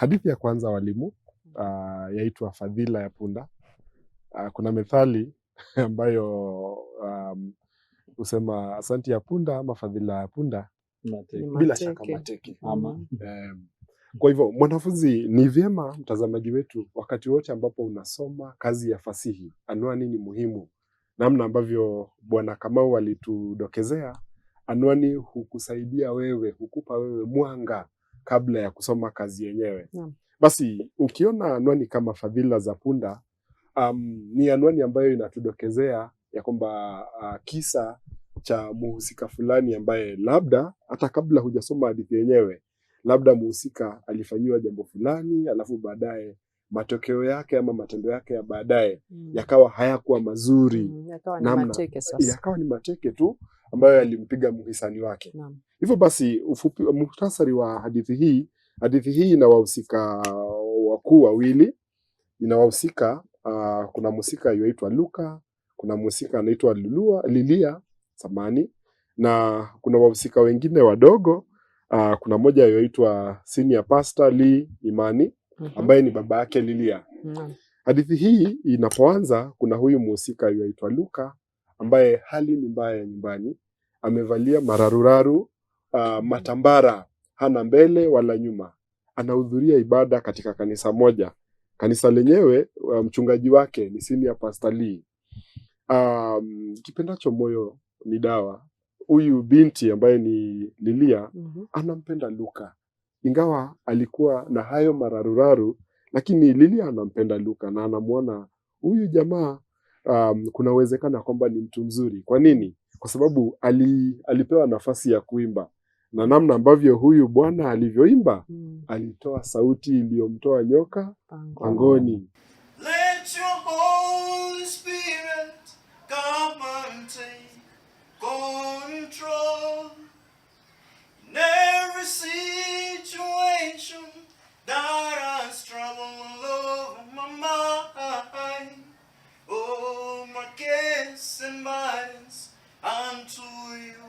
Hadithi ya kwanza walimu, uh, yaitwa Fadhila ya Punda. Uh, kuna methali ambayo um, husema asanti ya punda ama fadhila ya punda mateke. Bila shaka mateke ama mm -hmm. um, kwa hivyo mwanafunzi, ni vyema mtazamaji wetu, wakati wote ambapo unasoma kazi ya fasihi, anwani ni muhimu, namna ambavyo Bwana Kamau alitudokezea. Anwani hukusaidia wewe, hukupa wewe mwanga kabla ya kusoma kazi yenyewe yeah. Basi ukiona anwani kama Fadhila za Punda um, ni anwani ambayo inatudokezea ya kwamba uh, kisa cha muhusika fulani ambaye labda hata kabla hujasoma hadithi yenyewe, labda muhusika alifanyiwa jambo fulani, alafu baadaye matokeo yake ama matendo yake ya baadaye mm. yakawa hayakuwa mazuri mm, yakawa ni mateke, yakawa ni mateke tu ambayo yalimpiga mhisani wake. Hivyo basi, ufupi muhtasari wa hadithi hii. Hadithi hii ina wahusika uh, wakuu wawili, ina wahusika uh, kuna mhusika yuaitwa Luka, kuna mhusika anaitwa Lilia samani, na kuna wahusika wengine wadogo uh, kuna moja yuaitwa Senior Pastor Lee Imani mhm. ambaye ni baba yake Lilia. Hadithi hii inapoanza, kuna huyu mhusika yuaitwa Luka ambaye hali ni mbaya ya nyumbani, amevalia mararuraru uh, matambara, hana mbele wala nyuma, anahudhuria ibada katika kanisa moja. Kanisa lenyewe mchungaji wake ni senior pastor Lee. Um, kipendacho moyo ni dawa. Huyu binti ambaye ni Lilia mm -hmm. anampenda Luka ingawa alikuwa na hayo mararuraru, lakini Lilia anampenda Luka na anamwona huyu jamaa um, kuna uwezekano kwamba ni mtu mzuri. Kwa nini? Kwa sababu ali, alipewa nafasi ya kuimba na namna ambavyo huyu bwana alivyoimba, mm. alitoa sauti iliyomtoa nyoka pangoni. and unto you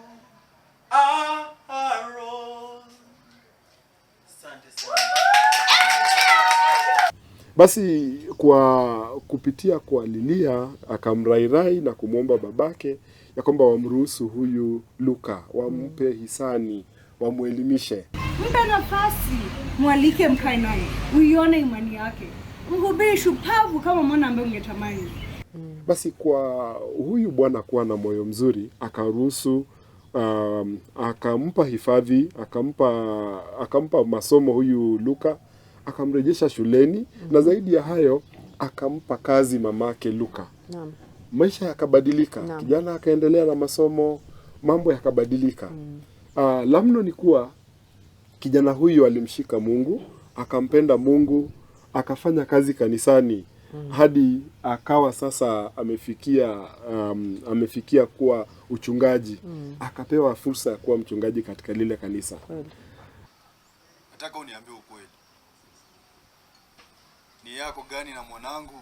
are all. Basi kwa kupitia kwa Lilia akamrairai na kumwomba babake ya kwamba wamruhusu huyu Luka, wampe mm. hisani, wamwelimishe. Mpe nafasi, mwalike, mkae naye, uione imani yake, mhubiri shupavu kama mwana ambaye ungetamani. Basi kwa huyu bwana kuwa na moyo mzuri, akaruhusu um, akampa hifadhi, akampa akampa masomo huyu Luka, akamrejesha shuleni mm -hmm. na mhm. zaidi ya hayo akampa kazi mamake Luka. Naam. Maisha yakabadilika. Naam. Kijana akaendelea na masomo, mambo yakabadilika. Mm. Uh, ah, lamno ni kuwa kijana huyu alimshika Mungu, akampenda Mungu, akafanya kazi kanisani mm. hadi akawa sasa amefikia um, amefikia kuwa uchungaji mm. akapewa fursa ya kuwa mchungaji katika lile kanisa. Nataka uniambie ukweli, ni yako gani na mwanangu?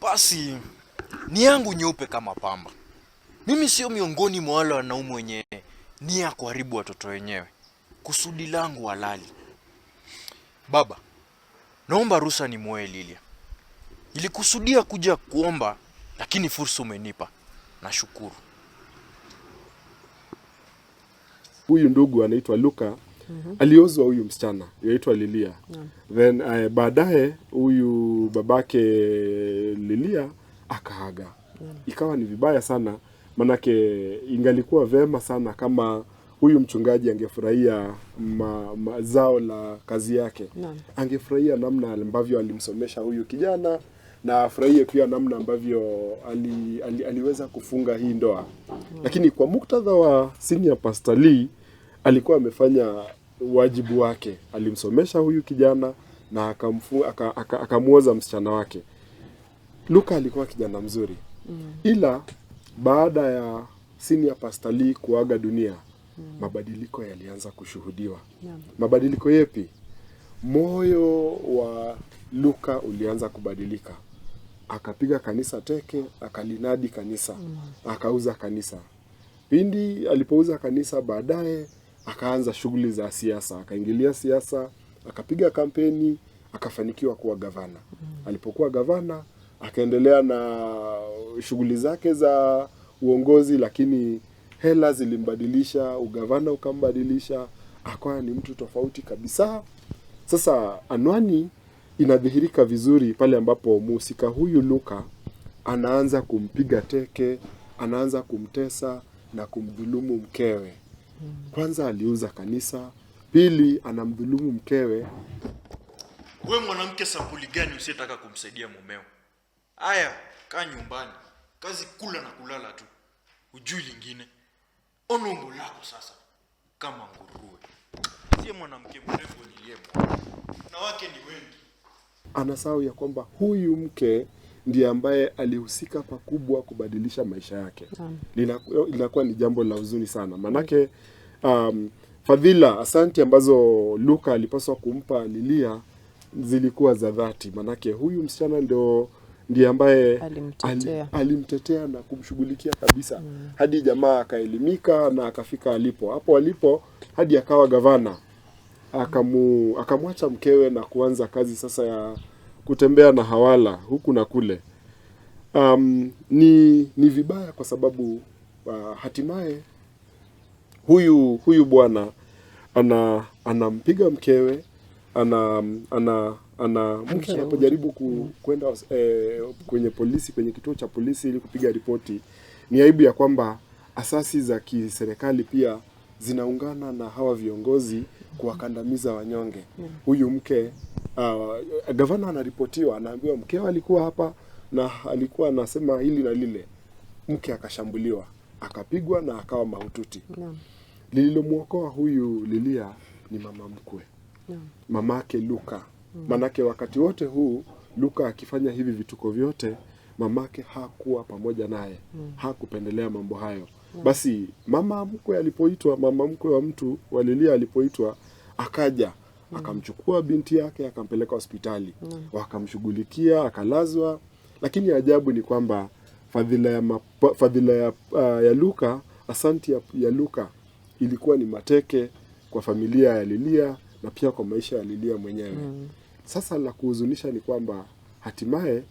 Basi ni yangu nyeupe kama pamba. Mimi sio miongoni mwa wale wanaume wenye nia kuharibu watoto wenyewe. Kusudi langu halali, baba Naomba rusa ni mwoe Lilia. Nilikusudia kuja kuomba, lakini fursa umenipa, nashukuru. Huyu ndugu anaitwa Luka. mm -hmm. Aliozwa huyu msichana yaitwa Lilia. mm Then uh, baadaye huyu babake Lilia akaaga. mm Ikawa ni vibaya sana, manake ingalikuwa vema sana kama huyu mchungaji angefurahia mazao la kazi yake na, angefurahia namna ambavyo alimsomesha huyu kijana na afurahie pia namna ambavyo ali, ali, aliweza kufunga hii ndoa mm. Lakini kwa muktadha wa senior pastor Lee alikuwa amefanya wajibu wake, alimsomesha huyu kijana na akamwoza aka, msichana wake. Luka alikuwa kijana mzuri mm. Ila baada ya senior pastor Lee kuaga dunia mm. mabadiliko yalianza kushuhudiwa yeah. Mabadiliko yepi? Moyo wa Luka ulianza kubadilika, akapiga kanisa teke, akalinadi kanisa mm. akauza kanisa. Pindi alipouza kanisa, baadaye akaanza shughuli za siasa, akaingilia siasa, akapiga kampeni, akafanikiwa kuwa gavana mm. Alipokuwa gavana akaendelea na shughuli zake za uongozi, lakini hela zilimbadilisha, ugavana ukambadilisha, akawa ni mtu tofauti kabisa. Sasa anwani inadhihirika vizuri pale ambapo mhusika huyu Luka anaanza kumpiga teke, anaanza kumtesa na kumdhulumu mkewe. Kwanza aliuza kanisa, pili anamdhulumu mkewe. We mwanamke sampuli gani usiyetaka kumsaidia mumeo? Aya, kaa nyumbani, kazi kula na kulala tu, hujui lingine. Olungu lako sasa kama nguruwe, sie mwanamke mrefu niliyemwona na wake ni wengi. Anasahau ya kwamba huyu mke ndiye ambaye alihusika pakubwa kubadilisha maisha yake. Linakuwa ni jambo la huzuni sana maanake, um, fadhila asanti ambazo Luka alipaswa kumpa Lilia zilikuwa za dhati, maanake huyu msichana ndio ndiye ambaye alimtetea, al, alimtetea na kumshughulikia kabisa mm. hadi jamaa akaelimika na akafika alipo. Hapo alipo hadi akawa gavana akamu, akamwacha mkewe na kuanza kazi sasa ya kutembea na hawala huku na kule. Um, ni, ni vibaya kwa sababu uh, hatimaye huyu huyu bwana ana, anampiga mkewe ana ana ana mke anapojaribu ku, kwenda eh, kwenye polisi kwenye kituo cha polisi ili kupiga ripoti, ni aibu ya kwamba asasi za kiserikali pia zinaungana na hawa viongozi kuwakandamiza wanyonge. Hmm. Huyu mke uh, gavana anaripotiwa, anaambiwa mkeo alikuwa hapa na alikuwa anasema hili na lile. Mke akashambuliwa, akapigwa na akawa mahututi. Lililomwokoa huyu Lilia ni mama mkwe no. mamake Luka mm. Manake wakati wote huu Luka akifanya hivi vituko vyote mamake hakuwa pamoja naye mm. hakupendelea mambo hayo no. Basi mama mkwe alipoitwa, mama mkwe wa mtu walilia alipoitwa, akaja mm. akamchukua binti yake akampeleka hospitali wakamshughulikia, akalazwa. Lakini ajabu ni kwamba fadhila ya, mapa, fadhila ya, uh, ya Luka, asanti ya, ya Luka ilikuwa ni mateke kwa familia ya Lilia na pia kwa maisha ya Lilia mwenyewe mm. Sasa la kuhuzunisha ni kwamba hatimaye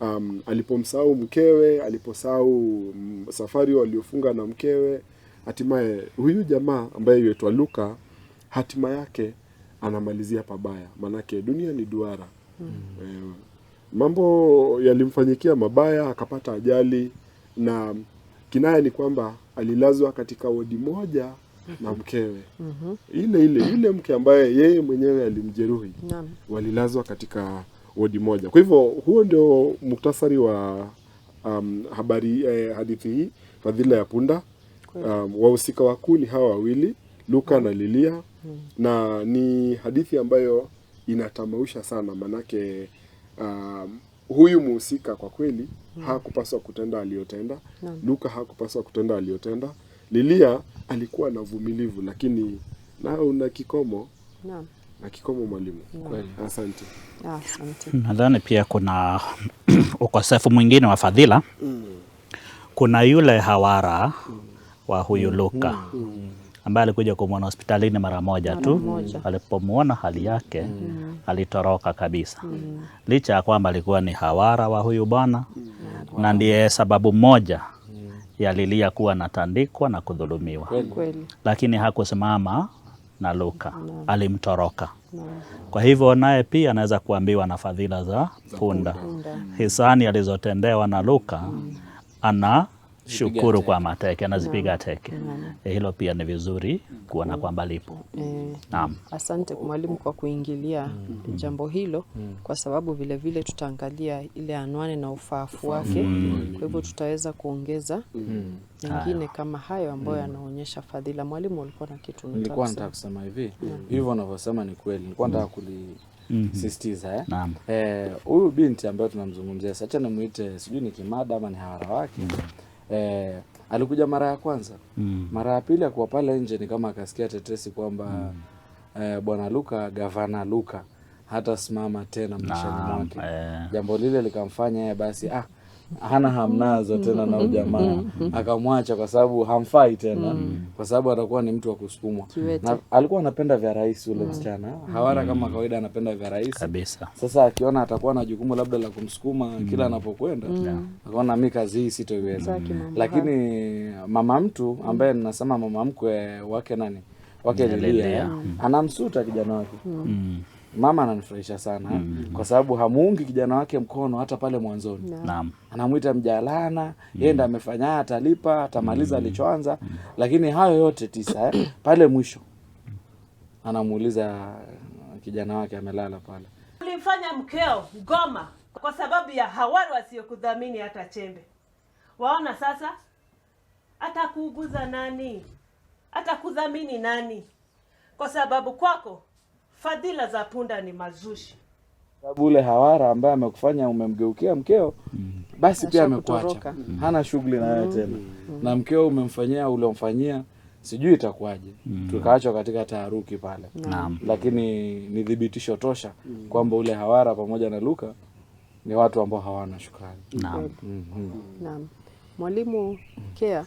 um, alipomsahau mkewe, aliposahau mm, safari waliofunga na mkewe, hatimaye huyu jamaa ambaye yuitwa Luka, hatima yake anamalizia pabaya, maanake dunia ni duara mm. Eh, mambo yalimfanyikia mabaya, akapata ajali na kinaya ni kwamba alilazwa katika wodi moja na mkewe mm -hmm. ile ile ile mke ambaye yeye mwenyewe alimjeruhi Naam. walilazwa katika wodi moja. Kwa hivyo huo ndio muktasari wa um, habari eh, hadithi hii Fadhila ya Punda. Um, wahusika wakuu ni hawa wawili Luka na Lilia hmm. na ni hadithi ambayo inatamausha sana manake, um, huyu mhusika kwa kweli hmm. hakupaswa kutenda aliyotenda. Luka hakupaswa kutenda aliyotenda Lilia alikuwa na uvumilivu, lakini na una kikomo na, na kikomo mwalimu. Kweli, asante. Ah, asante. Nadhani pia kuna ukosefu mwingine wa fadhila mm. Kuna yule hawara mm. wa huyu mm. Luka mm. mm ambaye alikuja kumwona hospitalini mara moja tu. Alipomwona hali yake mm. mm. alitoroka kabisa mm. licha ya kwamba alikuwa ni hawara wa huyu bwana mm. na ndiye sababu moja yalilia kuwa natandikwa na kudhulumiwa, lakini hakusimama na Luka no. alimtoroka no. Kwa hivyo naye pia anaweza kuambiwa na fadhila za punda, hisani alizotendewa na Luka mm. ana shukuru kwa mateke, anazipiga teke. Eh, hilo pia ni vizuri kuona mm. kwamba lipo. Eh. Naam, asante mwalimu kwa kuingilia mm. jambo hilo mm. kwa sababu vilevile tutaangalia ile anwani na ufaafu wake mm. kwa hivyo tutaweza kuongeza mm. mengine mm. kama hayo ambayo mm. yanaonyesha mm. fadhila. Mwalimu, ulikuwa na kitu? Nilikuwa nataka kusema hivi hivyo mm. unavyosema ni kweli, nilikuwa nataka kuli Mm -hmm. huyu eh? Eh, binti ambayo tunamzungumzia, sacha, nimwite sijui ni kimada ama ni hawara wake mm -hmm eh, alikuja mara ya kwanza mm. Mara ya pili akuwa pale nje ni kama akasikia tetesi kwamba mm. eh, bwana Luka, gavana Luka hata simama tena mshani mwake eh. Jambo lile likamfanya yeye basi ah hana hamnazo tena na ujamaa mm. akamwacha kwa sababu hamfai tena mm. kwa sababu atakuwa ni mtu wa kusukumwa. Na alikuwa anapenda vya rahisi ule mm. msichana Hawara, kama kawaida, anapenda vya rahisi kabisa. Sasa akiona atakuwa na jukumu labda la kumsukuma kila anapokwenda, akaona mi kazi hii sitoiweza. Lakini mama mtu ambaye ninasema mama mkwe wake nani wake Lilia anamsuta kijana wake mama ananifurahisha sana mm -hmm. kwa sababu hamuungi kijana wake mkono hata pale mwanzoni yeah. anamwita mjalana mm -hmm. yeye amefanya, atalipa, atamaliza mm -hmm. alichoanza mm -hmm. lakini hayo yote tisa eh, pale mwisho anamuuliza kijana wake amelala pale, ulimfanya mkeo ngoma kwa sababu ya hawari wasiokudhamini hata chembe. Waona sasa, atakuuguza nani? Atakudhamini nani? Kwa sababu kwako Fadhila za punda ni mazushi, sababu ule hawara ambaye amekufanya umemgeukia mkeo mm. basi pia amekuacha mm. hana shughuli na wewe tena mm. na mkeo umemfanyia uliomfanyia sijui itakuwaje mm. tukaachwa katika taharuki pale mm. lakini ni thibitisho tosha mm. kwamba ule hawara pamoja na Luka ni watu ambao hawana shukrani. Naam. Mm-hmm. Naam. Mwalimu Kea,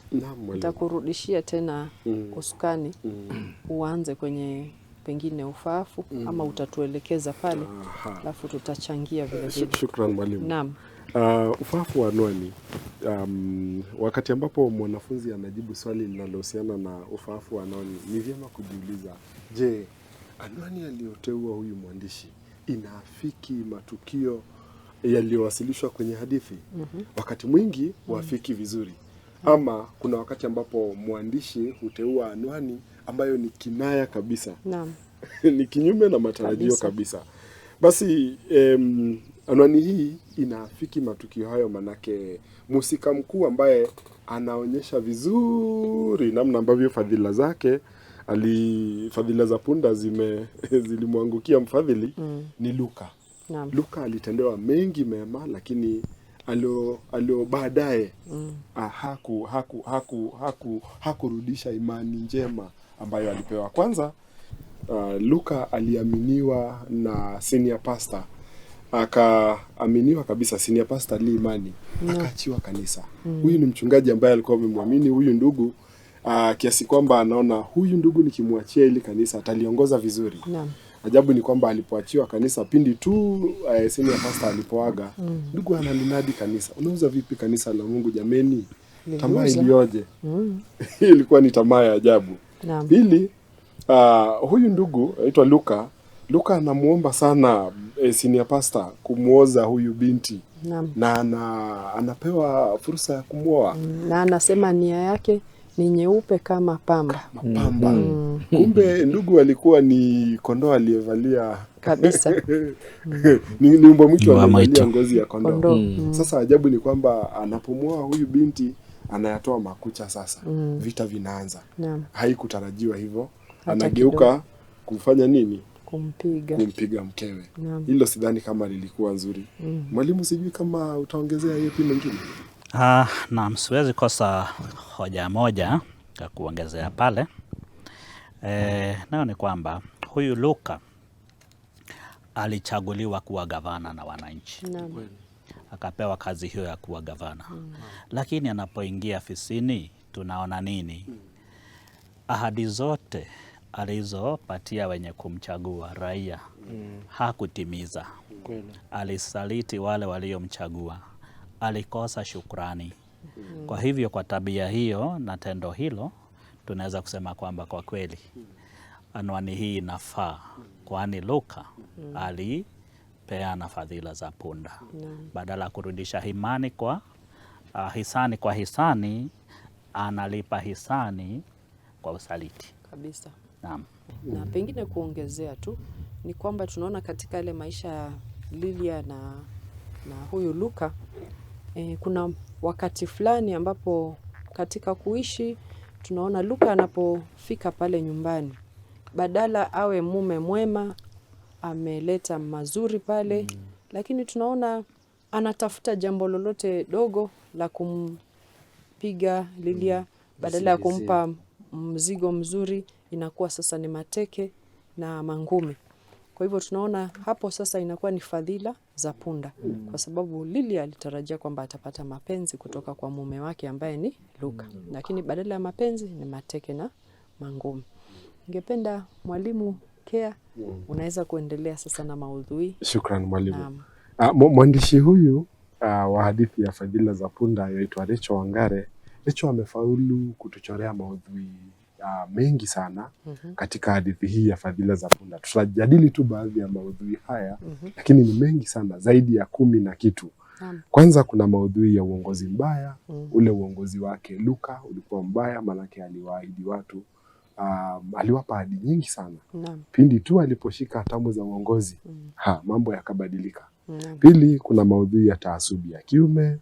nitakurudishia tena mm. usukani mm. uanze kwenye pengine ufaafu mm. ama utatuelekeza pale alafu tutachangia vile vile. Shukran mwalimu. Naam. Uh, ufaafu wa anwani um, wakati ambapo mwanafunzi anajibu swali linalohusiana na ufaafu wa anwani ni vyema kujiuliza, je, anwani aliyoteua huyu mwandishi inaafiki matukio yaliyowasilishwa kwenye hadithi? mm -hmm. Wakati mwingi wafiki mm. vizuri ama kuna wakati ambapo mwandishi huteua anwani ambayo ni kinaya kabisa naam. ni kinyume na matarajio kabisa, kabisa. Basi em, anwani hii inaafiki matukio hayo, manake mhusika mkuu ambaye anaonyesha vizuri namna ambavyo fadhila zake ali fadhila za punda zime zilimwangukia mfadhili mm. ni Luka. Naam. Luka alitendewa mengi mema lakini alio alio baadaye mm. Ah, haku haku haku haku hakurudisha imani njema ambayo alipewa kwanza. Uh, Luka aliaminiwa na senior pastor akaaminiwa kabisa, senior pastor li imani yeah. Mm. Akaachiwa kanisa mm. Huyu ni mchungaji ambaye alikuwa amemwamini huyu ndugu uh, kiasi kwamba anaona huyu ndugu nikimwachia ili kanisa ataliongoza vizuri yeah. Ajabu ni kwamba alipoachiwa kanisa pindi tu uh, senior pastor alipoaga mm. mm. ndugu analinadi kanisa. Unauza vipi kanisa la Mungu jameni? Tamaa iliyoje! mm. ilikuwa ni tamaa ya ajabu. Naam. Pili, uh, huyu ndugu aitwa Luka. Luka anamuomba sana eh, senior pastor kumwoza huyu binti Naam. na ana, anapewa fursa ya kumwoa mm. na anasema nia yake ni nyeupe kama pamba, kama pamba. Mm. Kumbe ndugu alikuwa ni kondoo aliyevalia kabisa ni, ni mbwa mwitu aliyevalia ngozi ya kondoo kondo. Mm. mm. Sasa ajabu ni kwamba anapomwoa huyu binti anayatoa makucha sasa. Mm. Vita vinaanza. Yeah. Haikutarajiwa hivyo, anageuka kufanya nini? Kumpiga, kumpiga mkewe. Hilo yeah. Sidhani kama lilikuwa nzuri. Mm. Mwalimu, sijui kama utaongezea yepi mengine. Naam siwezi kosa hoja moja ya kuongezea pale eh, nayo ni kwamba huyu Luka alichaguliwa kuwa gavana na wananchi akapewa kazi hiyo ya kuwa gavana mm. Lakini anapoingia afisini tunaona nini? mm. Ahadi zote alizopatia wenye kumchagua raia mm. hakutimiza Kweli. Alisaliti wale waliomchagua alikosa shukrani. Kwa hivyo kwa tabia hiyo na tendo hilo, tunaweza kusema kwamba kwa kweli anwani hii inafaa, kwani Luka alipeana fadhila za punda badala ya kurudisha himani kwa uh, hisani kwa hisani, analipa hisani kwa usaliti kabisa. Naam. Na pengine kuongezea tu ni kwamba tunaona katika ile maisha ya Lilia na, na huyu Luka E, kuna wakati fulani ambapo katika kuishi tunaona Luka anapofika pale nyumbani, badala awe mume mwema, ameleta mazuri pale mm. Lakini tunaona anatafuta jambo lolote dogo la kumpiga Lilia mm. badala ya kumpa mzigo mzuri inakuwa sasa ni mateke na mangumi. Kwa hivyo tunaona hapo sasa inakuwa ni fadhila za punda mm. Kwa sababu lili alitarajia kwamba atapata mapenzi kutoka kwa mume wake ambaye ni Luka, hmm. lakini badala ya mapenzi ni mateke na mangumi. Ningependa mwalimu Kea, hmm. unaweza kuendelea sasa na maudhui. Shukran mwalimu. Ah, mwandishi huyu uh, wa hadithi ya Fadhila za Punda yaitwa Recho Wangare. Recho amefaulu kutuchorea maudhui uh, mengi sana mm -hmm. katika hadithi hii ya Fadhila za Punda. Tutajadili tu baadhi ya maudhui haya mm -hmm. lakini ni mengi sana, zaidi ya kumi na kitu mm. Kwanza kuna maudhui ya uongozi mbaya mm. ule uongozi wake Luka ulikuwa mbaya, maanake aliwaahidi watu Um, aliwapa ahadi nyingi sana Naam. Pindi tu aliposhika hatamu za uongozi mm. ha, mambo yakabadilika. Pili, kuna maudhui ya taasubi ya kiume,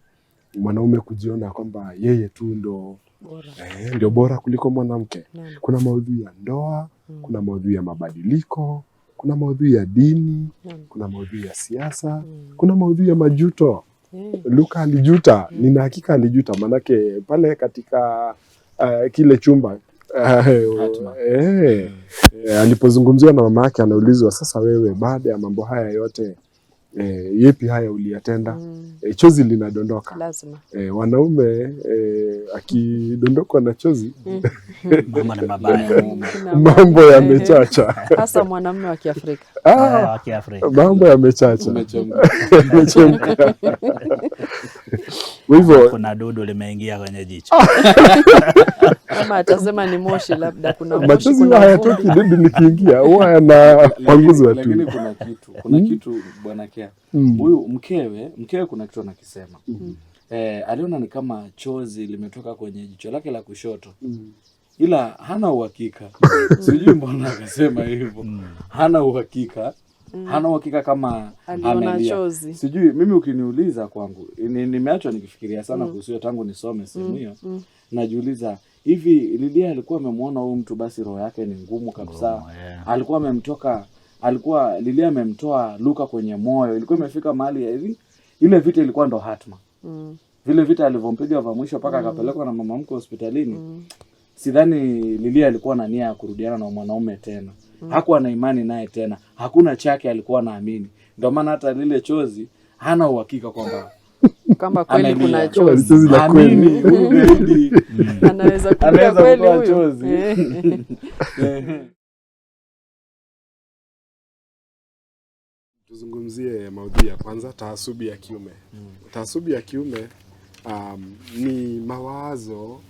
mwanaume kujiona kwamba yeye tu ndo bora. Eh, ndio bora kuliko mwanamke. Kuna maudhui ya ndoa mm. kuna maudhui ya mabadiliko, kuna maudhui ya dini Nani. kuna maudhui ya siasa mm. kuna maudhui ya majuto mm. Luka alijuta mm. nina hakika alijuta, maanake pale katika uh, kile chumba eh, mm. alipozungumziwa na mama yake, anaulizwa sasa, wewe baada ya mambo haya yote E, yepi haya uliyatenda? mm. E, chozi linadondoka lazima. E, wanaume e, akidondokwa na chozi mm. mambo yamechacha, hasa mwanamume wa Kiafrika. Ah, ah mambo yamechacha, umechemka. Kwa hivyo kuna dudu limeingia kwenye jicho kama atasema ni moshi, labda kuna machozi huwa hayatoki nikiingia huwa tu. Lakini kuna kitu kuna hmm? kitu bwana Kea hmm. huyu mm. mkewe mkewe kuna kitu anakisema mm. eh, aliona ni kama chozi limetoka kwenye jicho lake la kushoto mm ila hana uhakika sijui mbona akasema hivyo hmm. hana uhakika mm. hana uhakika kama amelia, sijui mimi. Ukiniuliza kwangu nimeachwa nikifikiria sana mm. kuhusu tangu nisome sehemu hiyo mm. najiuliza hivi lilia alikuwa amemwona huyu mtu, basi roho yake ni ngumu kabisa. Oh, yeah. alikuwa amemtoka, alikuwa lilia amemtoa Luka kwenye moyo, ilikuwa imefika mahali ya hivi, ile vita ilikuwa ndo hatma mm. vile vita alivyompiga va mwisho mpaka mm. akapelekwa na mama mke hospitalini mm. sidhani lilia alikuwa na nia ya kurudiana na mwanaume tena mm. hakuwa na imani naye tena, hakuna chake alikuwa naamini, ndio maana hata lile chozi hana uhakika kwamba kwamba kweli kuna chozi anaweza kulia kweli huyo. Eh. Tuzungumzie maudhui ya kwanza, taasubi ya kiume. Taasubi ya kiume um, ni mawazo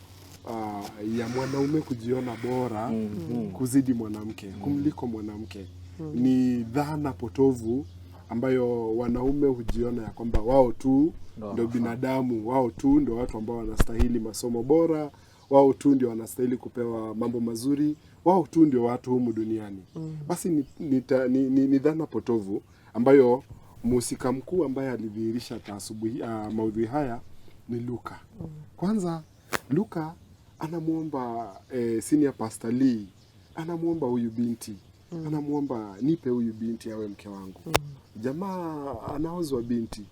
Uh, ya mwanaume kujiona bora mm -hmm. kuzidi mwanamke mm -hmm. kumliko mwanamke mm -hmm. ni dhana potovu ambayo wanaume hujiona ya kwamba wao tu ndio binadamu, wao tu ndio watu ambao wanastahili masomo bora, wao tu ndio wanastahili kupewa mambo mazuri, wao tu ndio watu humu duniani. Mm. Basi ni, ni, ni, ni, ni dhana potovu ambayo mhusika mkuu ambaye alidhihirisha taasubuhi uh, ah, maudhui haya ni Luka. Mm. Kwanza Luka anamwomba eh, senior pastor Lee anamwomba huyu binti mm. anamwomba nipe huyu binti awe mke wangu mm. Jamaa anaozwa binti,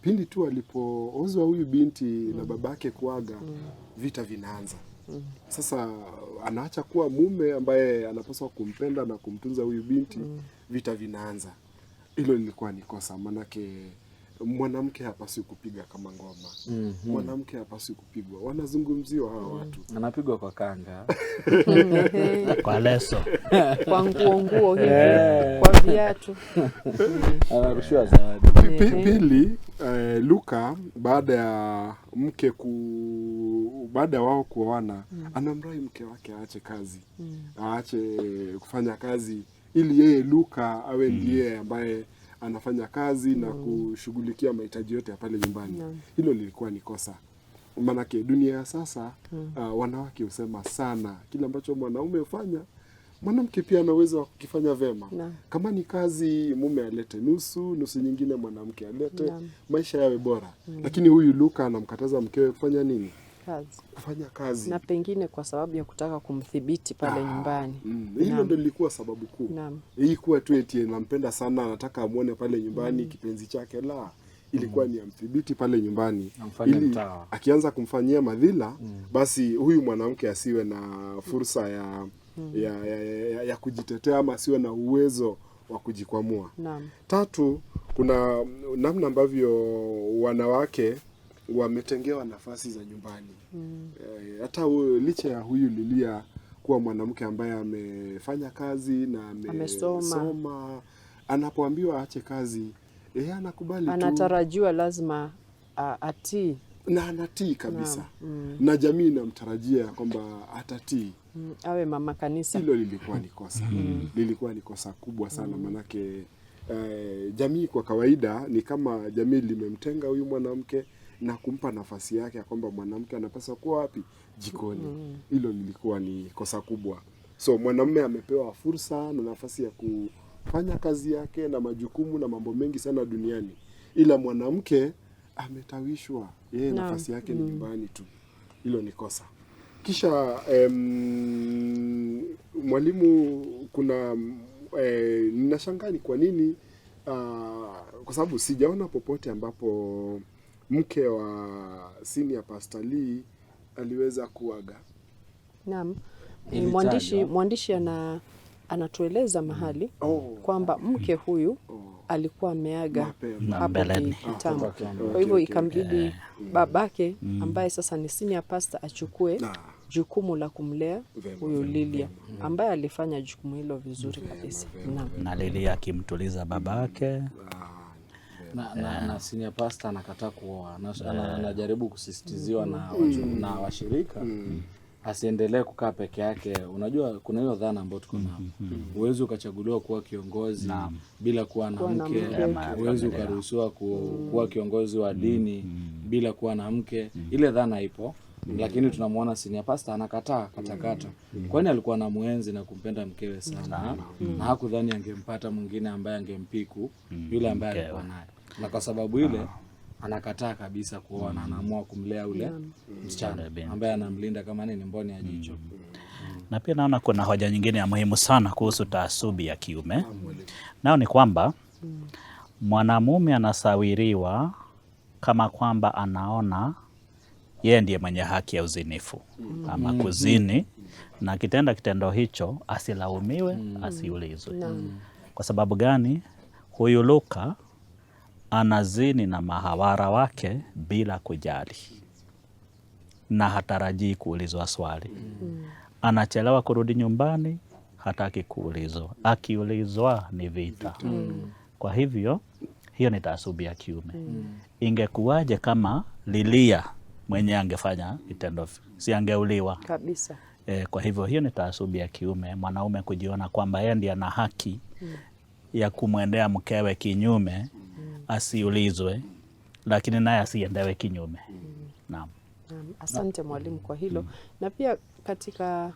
pindi tu alipoozwa huyu binti mm. na babake kuaga mm. vita vinaanza mm. Sasa anaacha kuwa mume ambaye anapaswa kumpenda na kumtunza huyu binti mm. vita vinaanza. Hilo lilikuwa ni kosa manake mwanamke hapaswi kupiga kama ngoma. mm -hmm. Mwanamke hapaswi kupigwa, wanazungumziwa hawa mm. watu. mm. Anapigwa kwa kanga kwa leso kwa nguo nguo hivi eh. kwa viatu anarushiwa eh. zawadi. Eh. Pili, eh, Luka baada ya mke ku baada ya wao kuoana mm. anamrai mke wake aache kazi mm. aache kufanya kazi ili yeye Luka awe mm. ndiye mm. ambaye anafanya kazi mm. na kushughulikia mahitaji yote ya pale nyumbani yeah. Mm. Hilo lilikuwa ni kosa, maanake dunia ya sasa mm. uh, wanawake husema sana kile ambacho mwanaume hufanya mwanamke pia ana uwezo wa kukifanya vema na. Kama ni kazi mume alete nusu nusu, nyingine mwanamke alete na. Maisha yawe bora mm. Lakini huyu Luka anamkataza mkewe kufanya nini? kazi. Kufanya kazi. Na pengine kwa sababu ya kutaka kumdhibiti pale ah, nyumbani. Mm, hilo ndio lilikuwa sababu kuu. Naam. Hii tu eti nampenda sana anataka amwone pale nyumbani mm. kipenzi chake la mm. ilikuwa ni amdhibiti pale nyumbani ili akianza kumfanyia madhila mm. basi huyu mwanamke asiwe na fursa ya, mm. ya, ya, ya, ya kujitetea ama asiwe na uwezo wa kujikwamua. Naam. Tatu, kuna namna ambavyo wanawake wametengewa nafasi za nyumbani mm. E, hata licha ya huyu Lilia kuwa mwanamke ambaye amefanya kazi na amesoma, anapoambiwa aache kazi yeye anakubali, anatarajiwa Lazima uh, atii na anatii kabisa na, mm. na jamii inamtarajia kwamba atatii mm. awe mama kanisa. Hilo lilikuwa ni kosa mm. mm. lilikuwa ni kosa kubwa sana mm. manake eh, jamii kwa kawaida ni kama jamii limemtenga huyu mwanamke na kumpa nafasi yake ya kwamba mwanamke anapaswa kuwa wapi? Jikoni. Mm-hmm. Hilo lilikuwa ni kosa kubwa. So mwanamume amepewa fursa na nafasi ya kufanya kazi yake na majukumu na mambo mengi sana duniani, ila mwanamke ametawishwa yeye, nafasi yake ni mm-hmm. nyumbani tu. Hilo ni kosa. Kisha em, mwalimu kuna eh, ninashangaa ni kwa nini uh, kwa sababu sijaona popote ambapo mke wa senior Pastor Lee aliweza kuaga. Naam, mwandishi mwandishi ana anatueleza mahali mm. oh, kwamba mke huyu oh, alikuwa ameaga hapo kitambo, kwa hivyo ikambidi eh. babake mm. ambaye sasa ni senior pastor achukue nah, jukumu la kumlea huyu Lilia ambaye alifanya jukumu hilo vizuri kabisa, na Lilia akimtuliza babake na, na, eh. na senior pastor anakataa kuoa, eh. anajaribu kusisitiziwa mm. na, mm. na washirika mm. asiendelee kukaa peke yake. Unajua, kuna hiyo dhana ambayo tuko nayo, mm-hmm. huwezi ukachaguliwa kuwa kiongozi bila kuwa na mke, huwezi ukaruhusiwa kuwa kiongozi wa dini bila kuwa na mke. Ile dhana ipo lakini tunamwona senior pastor anakataa katakata, kwani alikuwa na mwenzi na kumpenda mkewe sana, na hakudhani angempata mwingine ambaye angempiku yule ambaye alikuwa naye na kwa sababu ile ah, anakataa kabisa kuoa na mm. anaamua kumlea ule msichana ambaye anamlinda kama nini mboni ya jicho mm. mm. Na pia naona kuna hoja nyingine ya muhimu sana kuhusu taasubi ya kiume, ah, nao ni kwamba mm. mwanamume anasawiriwa kama kwamba anaona yeye ndiye mwenye haki ya uzinifu ama kuzini, na kitenda kitendo hicho asilaumiwe, asiulizwe. Kwa sababu gani? Huyu Luka anazini na mahawara wake bila kujali na hatarajii kuulizwa swali. Anachelewa kurudi nyumbani, hataki kuulizwa, akiulizwa ni vita. Kwa hivyo hiyo ni taasubi ya kiume. Ingekuwaje kama Lilia mwenye angefanya vitendo si angeuliwa kabisa? E, kwa hivyo hiyo ni taasubi ya kiume, mwanaume kujiona kwamba yeye ndiye ana haki ya kumwendea mkewe kinyume asiulizwe, lakini naye asiendewe kinyume. Naam. Asante mwalimu kwa hilo mm. Na pia katika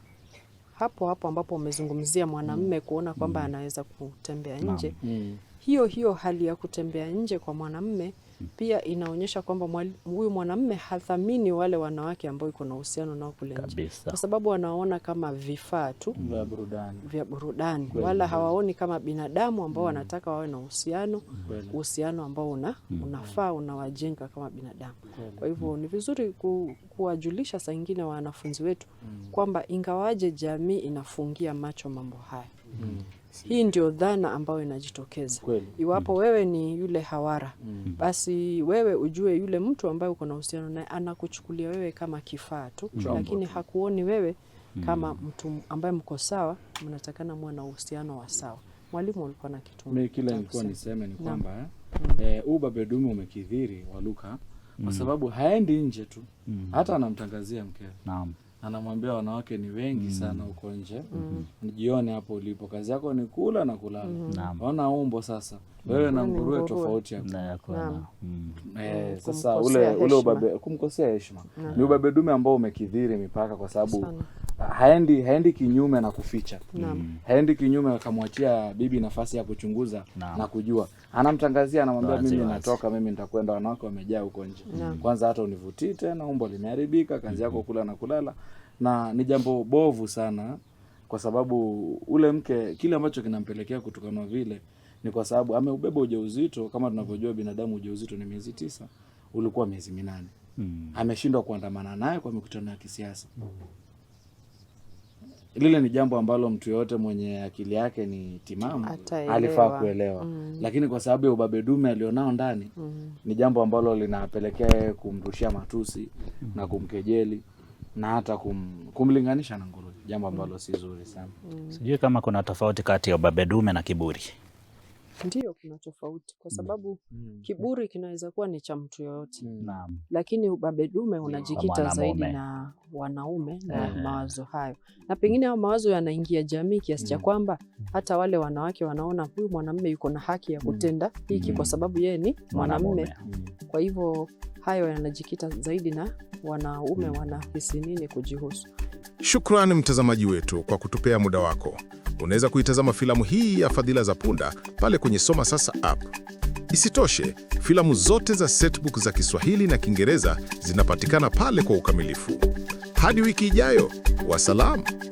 hapo hapo ambapo umezungumzia mwanamume mm. kuona kwamba mm. anaweza kutembea nje mm. hiyo hiyo hali ya kutembea nje kwa mwanamume pia inaonyesha kwamba huyu mwanamume hathamini wale wanawake ambao iko na uhusiano nao kule nje, kwa sababu wanaona kama vifaa tu vya burudani, vya burudani, wala hawaoni kama binadamu ambao wanataka wawe na uhusiano, uhusiano ambao una, mm. unafaa unawajenga kama binadamu. Kwa hivyo ni vizuri ku, kuwajulisha saa ingine wanafunzi wetu mm. kwamba ingawaje jamii inafungia macho mambo haya mm. Hii ndio dhana ambayo inajitokeza iwapo mm. wewe ni yule hawara mm. basi wewe ujue yule mtu ambaye uko na uhusiano naye anakuchukulia wewe kama kifaa tu mm. lakini hakuoni wewe mm. kama mtu ambaye mko sawa, mnatakana muwe na uhusiano wa sawa. Mwalimu alikuwa na kitu mimi kila nilikuwa niseme ni kwamba eh, mm. eh, huu babedume umekidhiri wa Luka kwa mm. sababu haendi nje tu mm. hata anamtangazia mkewe. Naam anamwambia wanawake ni wengi mm. sana huko nje mm. Jione hapo ulipo, kazi yako ni kula na kulala. Mm-hmm. Naona umbo sasa wewe mm. na nguruwe tofauti mm. eh, Sasa ule ule ubabe, kumkosea heshima ni ubabe dume ambao umekidhiri mipaka, kwa sababu haendi haendi kinyume na kuficha mm. haendi kinyume akamwachia bibi nafasi ya kuchunguza na, na kujua. Anamtangazia, anamwambia mimi natoka, mimi nitakwenda, wanawake wamejaa huko nje. Kwanza hata univutii tena, umbo limeharibika, kazi yako mm-hmm. kula na kulala, na ni jambo bovu sana, kwa sababu ule mke kile ambacho kinampelekea kutukanwa vile ni kwa sababu ameubeba ujauzito. Kama tunavyojua binadamu, ujauzito ni miezi tisa, ulikuwa miezi minane. Mm. Ameshindwa kuandamana naye kwa mikutano ya kisiasa. Mm. Lile ni jambo ambalo mtu yoyote mwenye akili yake ni timamu alifaa kuelewa. Mm. Lakini kwa sababu ya ubabe dume alionao ndani, mm. ni jambo ambalo linapelekea yeye kumrushia matusi mm. na kumkejeli na hata kum, kumlinganisha na nguruwe, jambo ambalo mm, si zuri sana. Mm. Sijui kama kuna tofauti kati ya ubabe dume na kiburi. Ndiyo, kuna tofauti kwa mm. sababu mm. kiburi kinaweza kuwa ni cha mtu yoyote mm. lakini ubabe dume unajikita zaidi na wanaume na yeah. mawazo hayo, na pengine hayo mawazo yanaingia jamii kiasi cha mm. kwamba mm. hata wale wanawake wanaona huyu mwanamume yuko na haki ya mm. kutenda mm. hiki kwa sababu yeye ni mwanamume. Kwa hivyo hayo yanajikita zaidi na wanaume, wanahisi nini kujihusu. Shukrani mtazamaji wetu kwa kutupea muda wako. Unaweza kuitazama filamu hii ya Fadhila za Punda pale kwenye Soma Sasa app. Isitoshe, filamu zote za Setbook za Kiswahili na Kiingereza zinapatikana pale kwa ukamilifu. Hadi wiki ijayo, wasalamu.